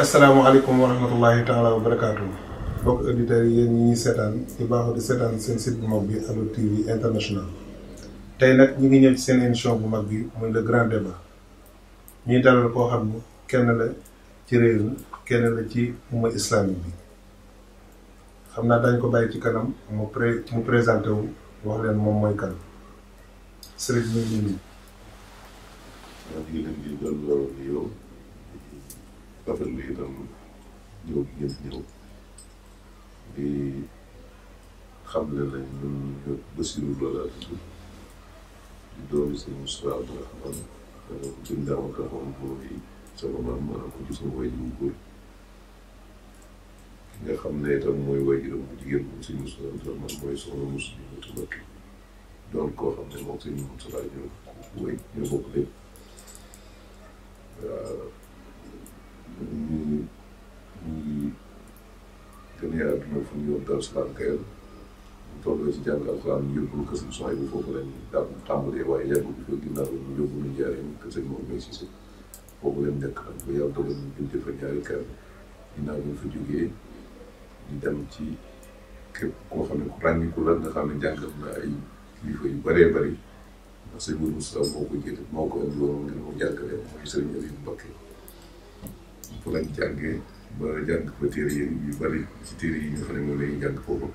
asalaamaaleykum wa rahmatullahi taala wa barakaatu. mbokk auditeurs yi yéen ñi ñuy seetaan ci baaxu di seetaan seen site bu mag bi Allô TV international. tey nag ñu ngi ñëw ci seen émission bu mag bi muy le grand débat ñuy dalal koo xam ne kenn la ci réew mi kenn la ci umma islamique bi xam naa dañ ko bàyyi ci kanam mu pré présenté wu wax leen moom mooy kan sëriñ bi ñu ngi قبل هذا اليوم يبدو دي خبل اللي من بسيط ولا لا دوم سيم سوا الرحمن جندا وكرم بوي سوا مرمى كل سوا يدو بوي يا خمنا يا تام موي واي يدو بوي يدو بوي سيم سوا الرحمن بوي سوا مسلم وتبك دون كو خمنا موتين وتلاقيه كوي يبوك لي ñu ngi gënee àdduna fu ñu yor Darou Salaam Kayal ñu toll ci jàng alxuraan ñu yóbbu kër suñu soxla yi foofu lañ daan tàmbalee waaye yàggu bi fa ginnaaw ñu yóbbu ñu jaaree kër sëñ moom ngay Cissé foofu lañ nekk ak ba yàlla dogal ñu bindee fa ñaari kër ginnaaw ñu fa jógee ñu dem ci képp koo xam ne ku ràññiku la nga xam ne jàngal na ay kilifa yu bëree bëri ndax sëñ Mourou Moussa moo ko jëlee moo ko indi woon ngir mu jàngalee mooy sëriñ Aliou Mbacké fa lañ jàngee ba jàng fa téere yi yu bari ci téere yi nga xam ne moom la ñuy jàng foofu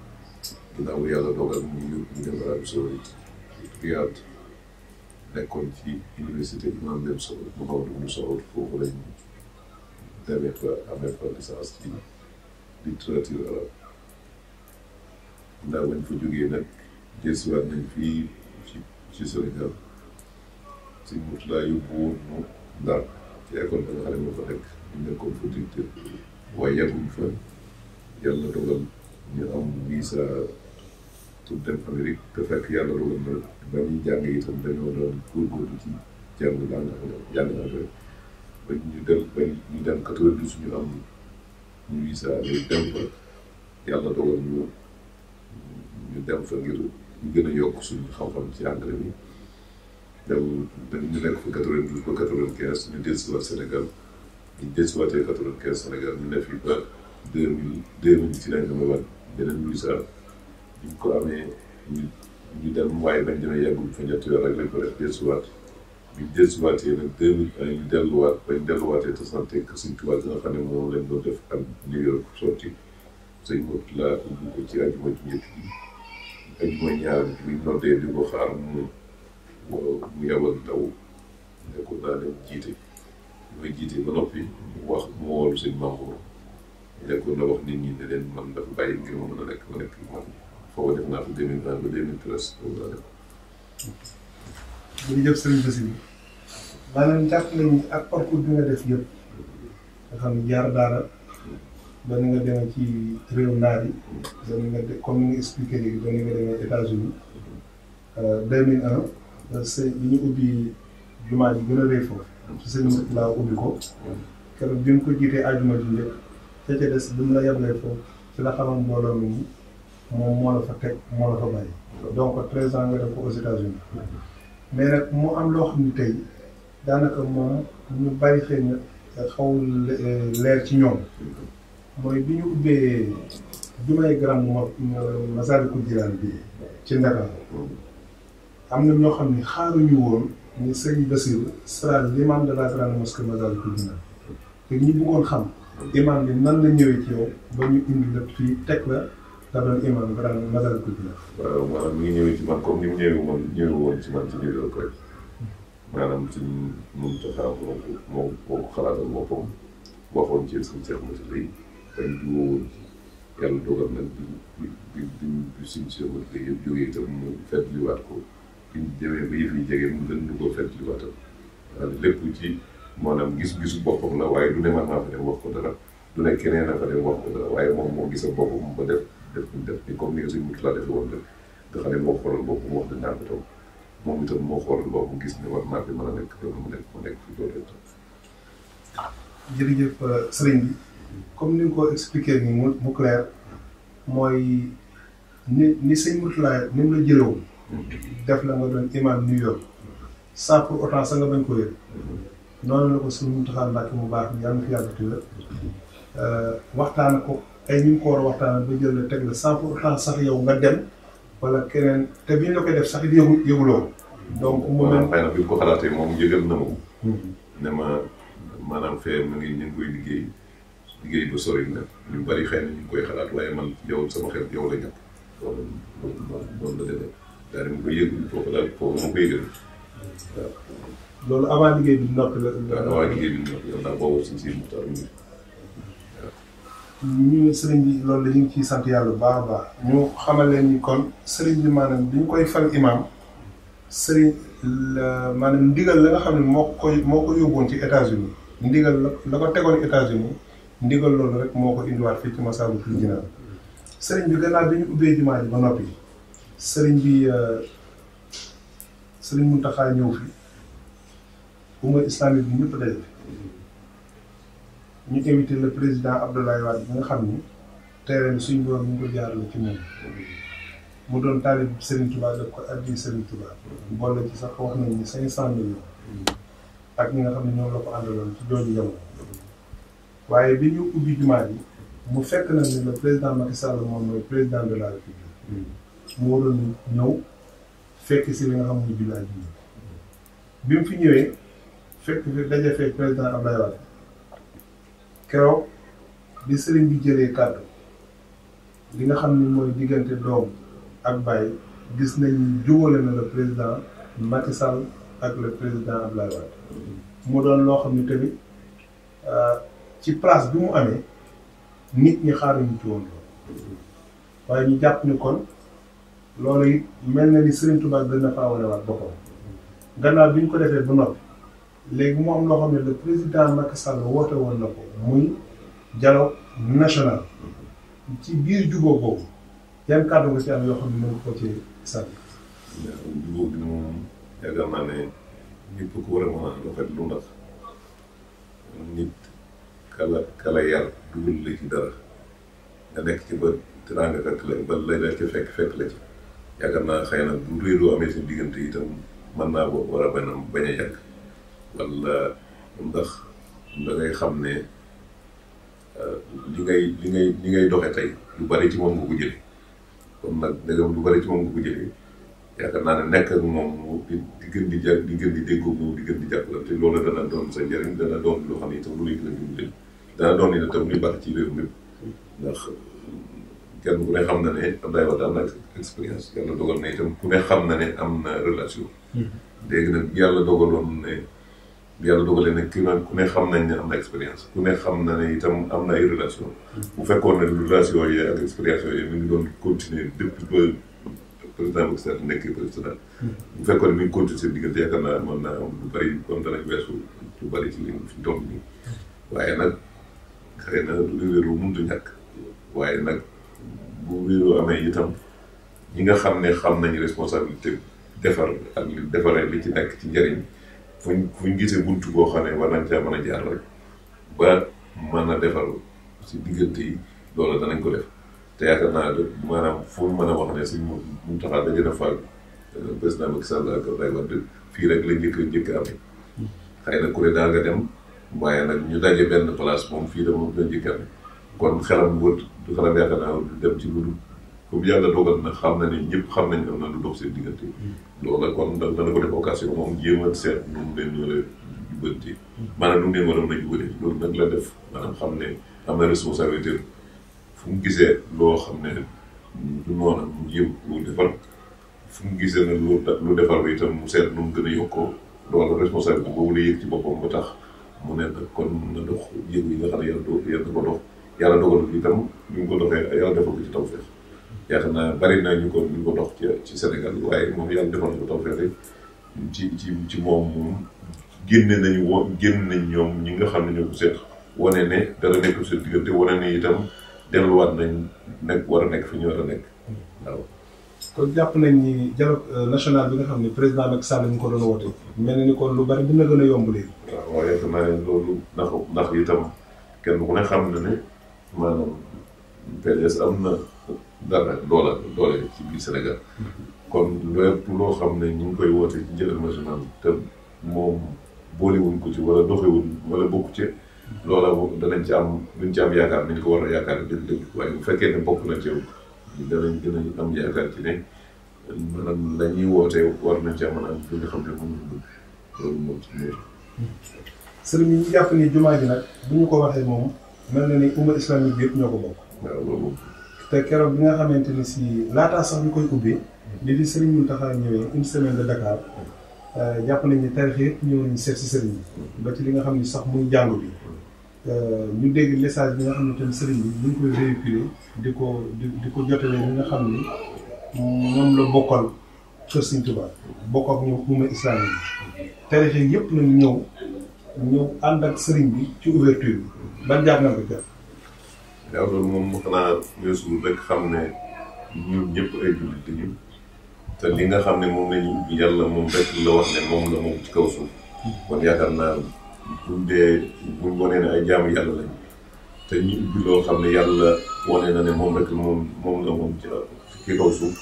ginnaaw bu yàlla dogal ñu ñu dem Arabie Saoudite Riyad nekkoon ci université Imam Ibn Saoud Mouhamed Ibn Saoud foofu lañ demee fa amee fa licence ci littérature arabe ndax bañ fa jógee nag gëstuwaat nañ fii ci ci Sénégal si mutulaa yóbbu woon mu daal ci école bi nga xam ne moo fa nekk nekkoon fa directeur waaye yàggul fa yàlla dogal ñu am visa pour dem Amérique te fekk yàlla dogal na ba ñuy jàng itam dañoo doon góorgóorlu ci jàng langue jàng anglais ba ñu dem ba ñu dem fa yàlla dogal ñu ñu dem fa ngir ñu gën a yokk suñu xam-xam ci anglais bi dem ñu nekk fa quatre-vingt-douze ba quatre-vingt-quinze ñu dellusiwaat Sénégal ñu desuwaatee quatre-vingt-quinze Sénégal ñu nekk fii ba deux mille deux mille ci lañ ko mën a wan ko amee ñu dem waaye bañ demee yàggul fa ñetti weer rek lañ ko def desuwaat bi ñu bañ delluwaatee te santé que suñ tubaab nga xam ne moom lañ doon def am New York sotti sëñ Mot laa ubbi ko ci ajuma ji ñett ajuma ñaar bi ñu noddee di ko mu mu yabal ndaw ne ko naa jiite. ma jiite ba noppi mu wax mu woolu sëñ Mamour jàpp nañu ak parcours bi nga def yëpp nga xam ne jaar daara ba ni nga demee ci réew naar yi ba ni nga de comme nga expliqué léegi ba ni nga demee États-Unis euh, deux mille un ubbi jumaa ji gën a rëy foofu. ci sëñ laa ubbi ko keroog bi mu ko jiitee àjjuma ji njëkk ca bi mu la yeblee foofu ci la xamoon mbooloo mi moom moo la fa teg moo la fa bàyyi donc treize ans nga def ko mais mu am loo xam ne tey daanaka moom ñu bari xëy na xaw euh, leer ci ñoom mooy bi ñu ubbee jumay grand mo Masaalikul Jinaan bi ci Ndakaaru am na ñoo xam ni xaaruñu woon ni sëriñ Bassirou sera l'imam de la grande mosquée Massalikul Jinaan te ñi bëggoon xam imam bi nan la ñëwee ci yow ba ñu indi la fii teg la da doon imam grande Massalikul Jinaan waaw maanaam mi ñëwee ci man comme ni ñëwee woon ñëwee woon ci man ci ñëwee ko rek maanaam ci mun taxaw moo moo moo ko xalaatal boppam waxoon ci suñu seex masi lay bañ di wowoon ci yàlla dogal nag di di di di suñu seex masi lay yëpp jógee itam mu fekk liwaat ko bu ñu demee ba yëf yi mu gën du ko fekk ci waatam lépp ci maanaam gis-gisu boppam la waaye du ne naa fa dem wax ko dara du ne keneen na fa dem wax ko dara waaye moom moo gisa boppam ba def def moo xoolal ko taw moom itam moo xoolal gis ne war naa fi mën a nekk loolu nekk mu nekk fi loolu itam jërëjëf euh, sëriñ bi comme ni nga ko expliqué ni mu mu clair mooy ni ni sëñ mutulaa ni la jëlewoon def la nga doon imam New York sans pour autant sa nga bañ ko yëg noonu la ko suñu Muntaxa Mbàkke mu baax mi yàlla na fi euh, waxtaan ko ay ñu ko war a waxtaan ba jël la teg la sans pour autant sax yow nga dem wala keneen te biñ la koy def sax yëgu yëguloo donc mu mel xëy na bi ko xalaatee moom yëgal na moom hmm. ne ma maanaam fee mu ngi ñu ngi koy liggéey liggéey ba sori na ñu bari xëy na ñu ngi koy xalaat waaye man yow sama yow la daal di ko yëngu foofu daal foofu ma koy yëngu loolu avant liggéey bi noppi la. la ndax boobu suñ si mutar mi ngi ñu sëriñ bi loolu la ñu ngi ciy sant yàlla bu baax a baax ñu xamal leen ni kon sëriñ bi maanaam bi ñu koy fal imaam sëriñ maanaam ndigal la nga xam ne moo ko moo ko yóbbuwoon ci États-Unis ndigal la la ko tegoon États-Unis ndigal loolu rek moo ko indiwaat fii ci Massalikul Jinaan sëriñ bi gannaaw bi ñu ubbee jumaa ji ba noppi. sëriñ bi euh, sëriñ Mountakha ñëw fi umma islamique bi ñëpp daje ñu invité le président Abdoulaye Wade bi nga xam ni terrain suñ borom ñu jaar jaarale ci moom mu doon taalib Serigne Touba def ko addi Serigne Touba boole ci sax wax nañ ni cinq ak ñi nga xam ne ñoom la ko àndaloon ci jooju jamono waaye bi ñu ubbi jumaa bi mu fekk na ni le président Macky Sall moom mooy président de la République moo doon ñëw fekk si li nga xam ne julli bi mu fi ñëwee fekk fi daje fekk président Abdoulaye Wade keroog bi sëriñ bi jëlee kàddu li nga xam ne mooy diggante doom ak bàyyi gis nañ jubale na le président Macky Sall ak le président Abdoulaye Wade mu doon loo xam ne tamit euh, ci place bi mu amee nit ñi xaaruñu ci woon waaye ñu jàpp ni kon loolu mel na ni Serigne Touba gën na faa wanewaat boppam gannaaw bi ñu ko defee ba noppi léegi mu am loo xam ne le président nag Sall woote woon na ko muy dialogue national ci biir jubóo boobu yan kàddu nga ci am yoo xam ne mën ko ci sànni. moom a mën a rafetlu ndax nit kala kala yar dugal la ci dara nga nekk ci ba dinaa nga fekk la ba lay la ci fekk fekk la ci. yaakaar naa xëy na bu réeroo amee suñu diggante itam mën naa ko war a bañ a bañ yàgg wala ndax da xam ne euh, li ngay li ngay li ngay doxe tey lu bari ci moom nga ko jëlee kon nag naa ne nekk ak moom di di gën di jàpp di di déggoo moom di di jàpp te loolu dana doon sa njëriñ dana doon loo xam ne itam lu lay gën a dana doon itam lu baax ci réew mi ndax. kenn ku ne xam na ne am na expérience yàlla dogal na itam ku ne xam na ne am na relation. Hmm. léegi yàlla dogaloon ne yàlla dogalee ne kii nag ku ne xam nañ ne am na expérience ku ne na ne itam am na ay relation hmm. bu fekkoon ne relation yi ak expérience yooyu mi ngi doon continuer depuis ba président Macky Sall nekkee président. Hmm. bu fekkoon ne mi ngi continuer seen diggante yaakaar naa mën naa lu bari comme dana lu bari ci li fi doom nii waaye nag xëy na réew mënut a ñàkk waaye nag. bu wéeru amee itam ñi nga xam ne xam nañu responsabilité defar ak li defaree li ci nekk ci njëriñ fuñ fuñ gisee buntu boo xam ne war nañ caa mën a jaar rek ba mën a defar si diggante yi loolu danañ ko def te yaakaar naa de maanaam foo mën a wax ne suñ mu taxaat da gën a faag euh, président Macky Sall ak Abdoulaye Wade fii rek la njëkk njëkk am mm. xëy na ku ne daa nga dem waaye nag ñu daje benn place moom fii de la njëkk am kon xelam wër du xelam yaakaar naa du dem ci ludul comme yàlla dogal na xam na ne ñëpp xam nañ na lu dox seen diggante. loolu la def a seet nu a jubbanti. maanaam nu mu nag la def maanaam xam ne am na responsabilité fu mu gisee loo xam ne du noonu mu jéem defar fu mu gisee nag lu lu defar bi itam mu seet nu gën a yokkoo loolu responsabilité boobu la yëg ci boppam bu tax mu ne kon na dox yëg yi nga xam ne yàlla ko dox. yàlla dogal itam ñu ngi ko doxee yàlla ci tawfeex yaakaar naa bari ci ci Sénégal waaye moom yàlla defal ne ñoo ko seet wane ne dara nekk fi ñu war a jàpp nañ ni dialogue euh, national bi nga xam ne président Macky Sall ñu mel ni kon lu bari dina gën a yomb léegi. waaw waaye naa loolu ndax ndax itam kenn ku ne xam na ne. maanaam PDS am na dara loola doole ci biir Sénégal kon lépp loo xam ne ñu ngi koy woote ci si national te moom boolewuñ ko ci wala doxewuñ wala bokku ci loola danañ ci am luñ ci yaakaar nañ ko war a yaakaar waaye bu fekkee bokk na ci danañ gën a am yaakaar ci ne maanaam la ñuy wootee war nañ ci mën a am li nga xam ne moom lañ loolu moom ci ñëw. sëriñ bi ñu jàpp ni jumaa ji nag bu ñu ko waxee moom. mel na ni umma islamique bi yëpp ñoo ko bokk. te keroog bi nga xamante ni si laataa sax ñu koy ubbee. li di Serigne Mountakha ñëwee une semaine de Dakar euh, jàpp nañ ni tarix yëpp ñëw nañ seet si Serigne bi ba ci li nga xam ni sax muy jàngu bi. Euh, ñu dégg lessage bi nga xam ne tamit seriñ bi ñu ngi koy véhiculer di ko di di ko jotale ñi nga xam ni moom la bokkal kër Serigne Touba bokk ak ñoom umma islamique bi tarix yëpp nañu ñëw. ñëw ànd ak sëriñ bi ci ouverture bi ban jàpp nga ko jàpp. waaw moom xanaa weesu rek xam ne ñun ñëpp ay jullit ñu te li nga xam ne moom la ñu yàlla moom rek la wax ne moom la moom ci kaw suuf. kon yaakaar naa buñ dee buñ wane ay jaamu yàlla lañ te ñu ubbi xam ne yàlla wane na ne moom rek moom moom la moom ci kaw suuf.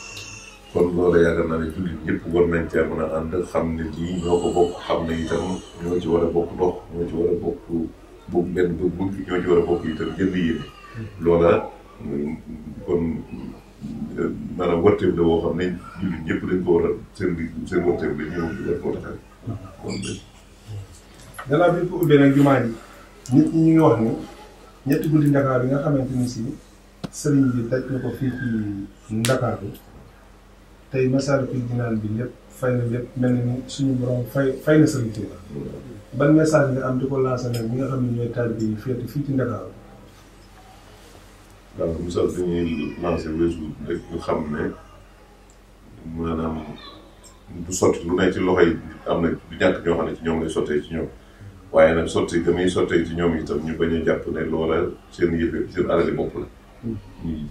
kon loola yaakaar naa ne jullit yëpp war nañ cee mën a ànd xam ne lii ñoo ko bokk xam ne itam ñoo ci war a bokk ndox ñoo ci war a bokk boobu benn bëgg ñoo ci war a bokk itam jënd yéene loola kon maanaam warteef la boo xam ne jullit ñëpp dañ ko war a seen seen warteef la ñëw war koo taxaw kon gannaaw bi ñu ko ubbee nag jumaa ji nit ñi ñu ngi wax ni ñetti guddi Ndakaar bi nga xamante ni si sëriñ bi daj na ko fii ci Ndakaar bi tey Masaalikul Jinaan bi lépp fay na lépp mel ni suñu borom fay fay na Sëriñ Tuuba ban message nga am di ko lancé nag ñi nga xam ne ñooy taalibe yi fii ci Ndakaaru donc message bi ñuy lancé weesu rek ñu maanaam du sotti lu ne ci loxo yi am na du ñàkk ñoo xam ne ci ñoom lay sottee ci ñoom waaye nag sotti damay sottee ci ñoom itam ñu bañ a jàpp ne loola seen yëfe seen alali bopp la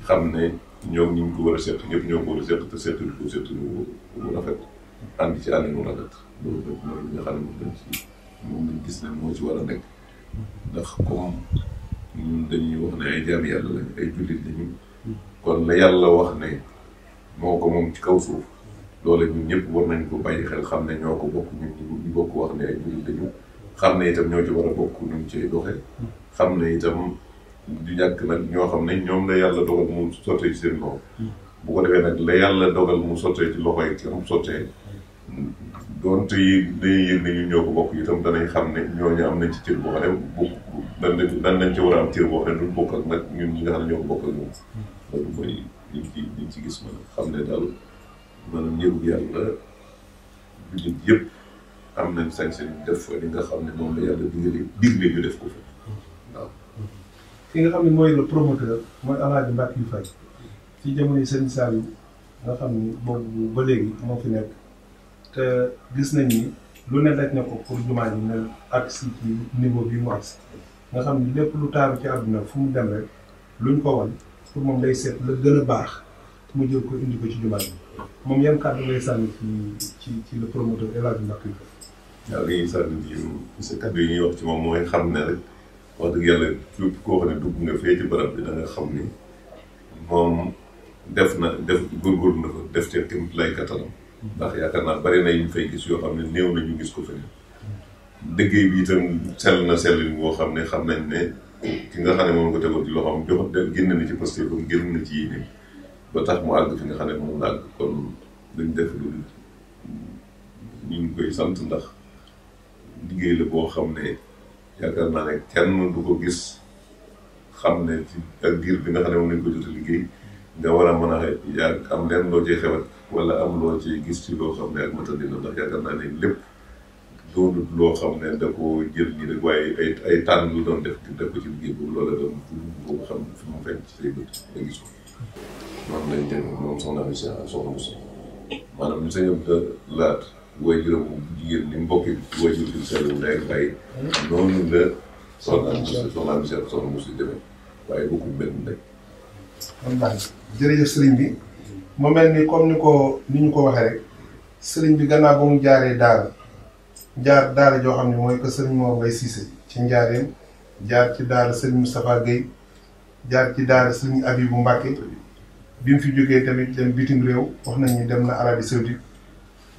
xam ne ñoom ñu ko war a seq ñëpp ñoo ko war a seq te seqal ko seqal wu rafet ànd ci ànd mu rafet loolu rek mooy li nga xam ne moom lañ ci moom lañ gis ne moo ci war a nekk ndax comme ñun dañuy wax ne ay jaam yàlla lañ ay jullit lañu kon la yàlla wax ne moo ko moom ci kaw suuf loole ñun ñëpp war nañ ko bàyyi xel xam ne ñoo ko bokk ñun ñu bokk wax ne ay jullit lañu xam ne itam ñoo ci war a bokk ñu ngi cay doxe xam ne itam du ñàkk nag ñoo xam ne ñoom la yàlla dogal mu sottee ci seen loxo. bu ko nag la yàlla dogal mu sottee ci loxo yi mu sottee doonte yi dañuy yëg ne ñu ñoo ko bokk tam danañ xam ne ñu am nañ ci cër boo xam ne bu nañ ci war a am cër boo xam ne duñ bokk ak ñi ci gis man xam ne daal maanaam njëriñ yàlla jullit yëpp nañ sañ-sañ def li ñu def ko fa. ki nga xam ne mooy le promoteur mooy Alaaji Mbàkke yu fay ci jamono Serigne Saliou nga xam ni boobu ba léegi moo fi nekk te gis nañ ni lu ne daj na ko pour jumaa ji ne ak si ci niveau bi mu agsi nga xam ni lépp lu taaru ci àdduna fu mu dem rek luñ ko wan pour moom day seet la gën a baax mu jël ko indi ko ci jumaa ji moom yan kàddu ngay sànni ci ci ci le promoteur Alaaji Mbàkke yu fay. waaw li ñuy sànni ci sa kàddu yi ñuy wax ci moom mooy xam ne rek. wax dëgg yàlla képp koo xam ne dugg nga fee ci barab bi da nga xam ni moom def na def góorgóorlu na fa def te tamit lay katalam ndax yaakaar naa bari na yu ñu fay gis yoo xam ne néew na gis ko feneen liggéey bi itam sell na sellin boo xam ne xam nañ ne ki nga xam ne moom ko tegoon ci loxoom jox génn na ci posté comme génn na ci yéene ba tax mu àgg fi nga xam ne moom la kon dañ def lu ñu ngi koy sant ndax liggéey la boo xam ne yaakaar naa ne kenn du ko gis xam ne ci ak diir bi nga xam ne moom lañ ko jot a liggéey nga war a mën a yaa am leen loo ciy xewal wala am loo ciy gis ci loo xam ne ak matandi ndax yaakaar naa ne lépp doonut loo xam ne da ko jël ñi rek waaye ay ay tànn lu doon def di def ko ci liggéey boobu loola doon bu fi mu fenn ci say bët nga gis ko maanaam lañ euh, laat waajuram bu jigéen ni mbokki sëriñ bi moo mel ni comme ni ko ni ñu ko waxee rek sëriñ bi gannaaw ba mu jaaree daara jaar daara joo xam ne mooy que sëriñ moo ngay siise ci njaareem jaar ci daara sëriñ Moustapha Guèye jaar ci daara sëriñ Abibou Mbacke bi mu fi jógee tamit dem bitim réew wax nañu dem na Arabie Saoudite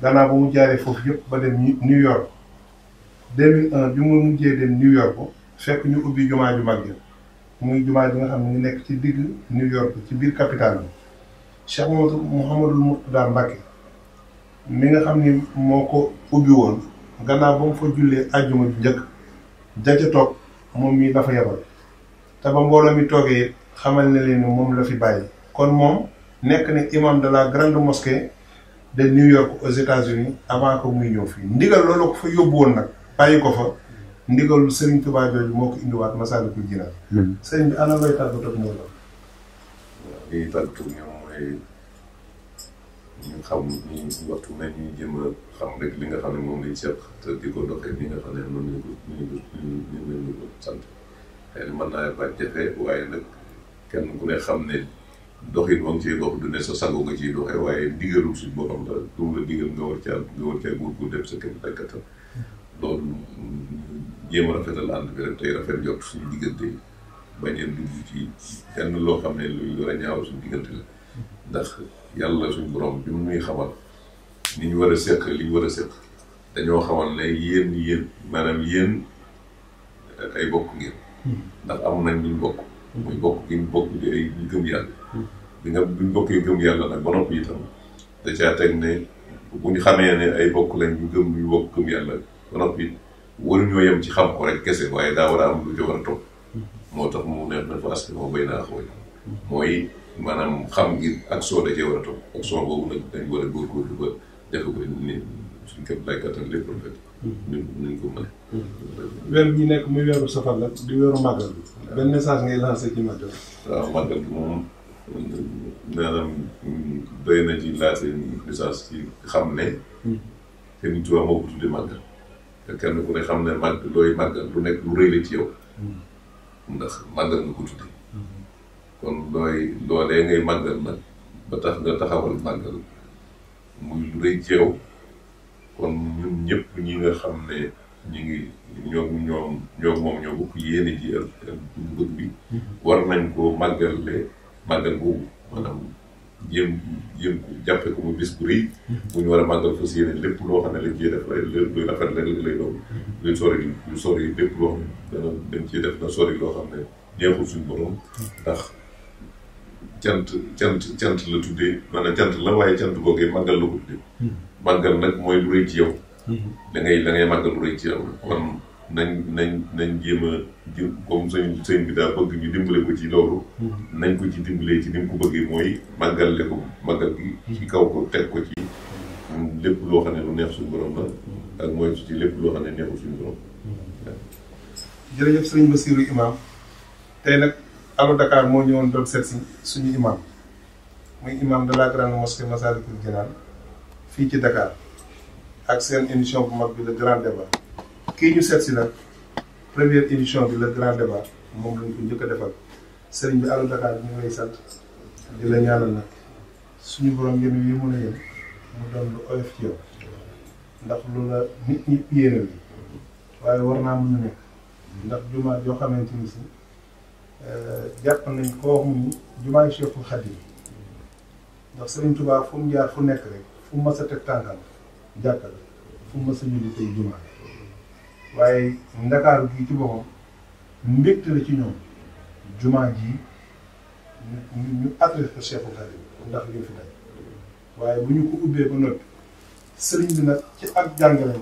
gannaaw ba mu jaaree foofu yëpp ba dem New York 2001 bi mu mujjee dem New York fekk ñu ubbi jumaa ju mag muy jumaa ji nga xam ne ñu nekk ci digg New York ci biir capitale bi Cheikh Mouhamadul Mourtada Mbacké mi nga xam ni moo ko ubbi woon gannaaw ba mu fa jullee àjjuma ju njëkk jaca toog moom mii dafa yebal te ba mbooloo mi toogee xamal na leen ni moom la fi bàyyi kon moom nekk na imam de la grande mosquée de New York aux États-Unis avant que muy ñëw fii ndigal loolu ko fa yóbbu woon nag bàyyi ko fa ndigalu Serigne Touba jooju moo ko indiwaat Masaalikul Jinaan. Hmm. sëriñ bi ana looy tàggatoo ak ñoom la. waaw xam ñu waxtu ne ñu jéem a xam rek li nga xam ne moom lañ seq te di ko doxee li nga xam ne noonu lañ ko ñu ñu ñu ñu sant xëy na mën naa bañ jafe waaye nag kenn ku ne xam ne. doxin ma ngi ciy dox du ne sa sago nga ciy doxee waaye digalul suñ borom la lu mu la digal nga war caa nga war caa dem sa kër ay kattan loolu jéem a rafetal bi rek tey rafet jot suñu diggante bañ a dugg ci kenn loo xam ne luy war a ñaaw suñu diggante la ndax yàlla suñu borom bi muy xamal ni ñu war a seq li ñu war a seq dañoo xamal ne yéen yéen maanaam yéen ay bokk ngeen hmm. ndax am nañ ñu bokk. mooy bokk gi bokk di ay ñu gëm yàlla bi nga buñ bokkee gëm yàlla nag ba noppi itam da caa teg ne bu ñu xamee ne ay bokk lañ ñu gëm ñu bokk gëm yàlla ba noppi waruñoo yem ci xam ko rek kese waaye daa war a am lu ca war a topp moo tax mu ne na fa moo béy naa xooy mooy maanaam xam ngir ak soo da cee war a topp ak soo boobu nag dañ war a góorgóorlu ba defe ko ni suñ képp lay kattan lépp rafet nañ nañ ko mën. weer bi nekk muy weeru safar la di weeru màggal bi. benn message ngay lancé ci màggal bi. waaw màggal bi moom na ci message ci xam ne. seen hmm. i tubaab moo ko tuddee kenn ku ne xam ne màgg looy màggal lu nekk lu rëy la ci yow. Hmm. ndax nga ko tuddee. Hmm. kon looy loolee ngay màggal nag ba tax nga taxawal màggal muy lu rëy yow kon. ñëpp nga xam ne ñi ngi ñoo ñoom ñoo moom ñoo bokk yéene ji ak ak bëgg bi mhm. war nañ ko mhm. lépp loo xam ne lañ ciy def luy la lay doon mhm. luy sori loo xam ne dana dañ ciy def na sori loo xam ne neexul suñu borom ndax cant cant cant la tuddee maanaam cant la waaye cant googee màggal la ko tuddee màggal nag mooy lu rëy ci yow la ngay la ngay màggal rëy kon nañ nañ nañ jéem a jëm comme bi daa bëgg ñu dimbale ko ci loolu. Mm-hmm. nañ mooy màggale ko màggal gi. Mm-hmm. ci kaw ko teg ko ci. lépp loo suñu Imaam muy imaam de la grande mosquée Massalikul fii ci Dakar. ak seen émission bu mag bi le grand débat kii ñu seet si première émission bi le grand débat moom lañ ko njëkk a defal sëriñ bi Allo Dakar ñu ngi lay sant di la ñaanal nag suñu borom yéen yi mën a yéen mu doon lu oyof ci yow ndax lu la nit ñi yéene waaye war naa mën a nekk ndax jumaa yoo xamante ni si eh, jàpp nañ ko wax mu ni jumaay Cheikhul Khadim ndax sëriñ Tuubaa fu jaar fu nekk rek fu mu mas a teg tànkam jàkka la fu mu mës a julli tey jumaa waaye ndakaaru gi ci boppam mbégte la ci ñoom jumaa ji ñu ñu adressé Cheikhul Khadim ndax li fi tey waaye bu ñu ko ubbee ba noppi sëriñ bi ci ak jàngale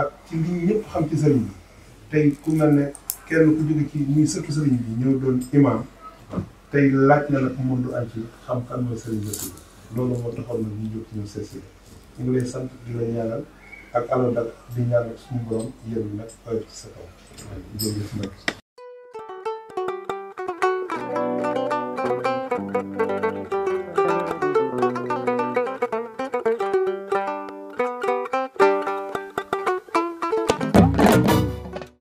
ak ci li ñëpp xam ci sëriñ bi tey ku mel ne kenn ku jóge ci muy sëkk sëriñ bi ñëw doon imaam tey laaj na nag mëndu am ci xam kan mooy sëriñ bi loolu moo taxoon nag ñu jóg ci ñoom seet ñu ngi lay sant di la ñaanal ak alal nag di ñaanal suñu borom yéen nag ci sa kaw jërëjëf nag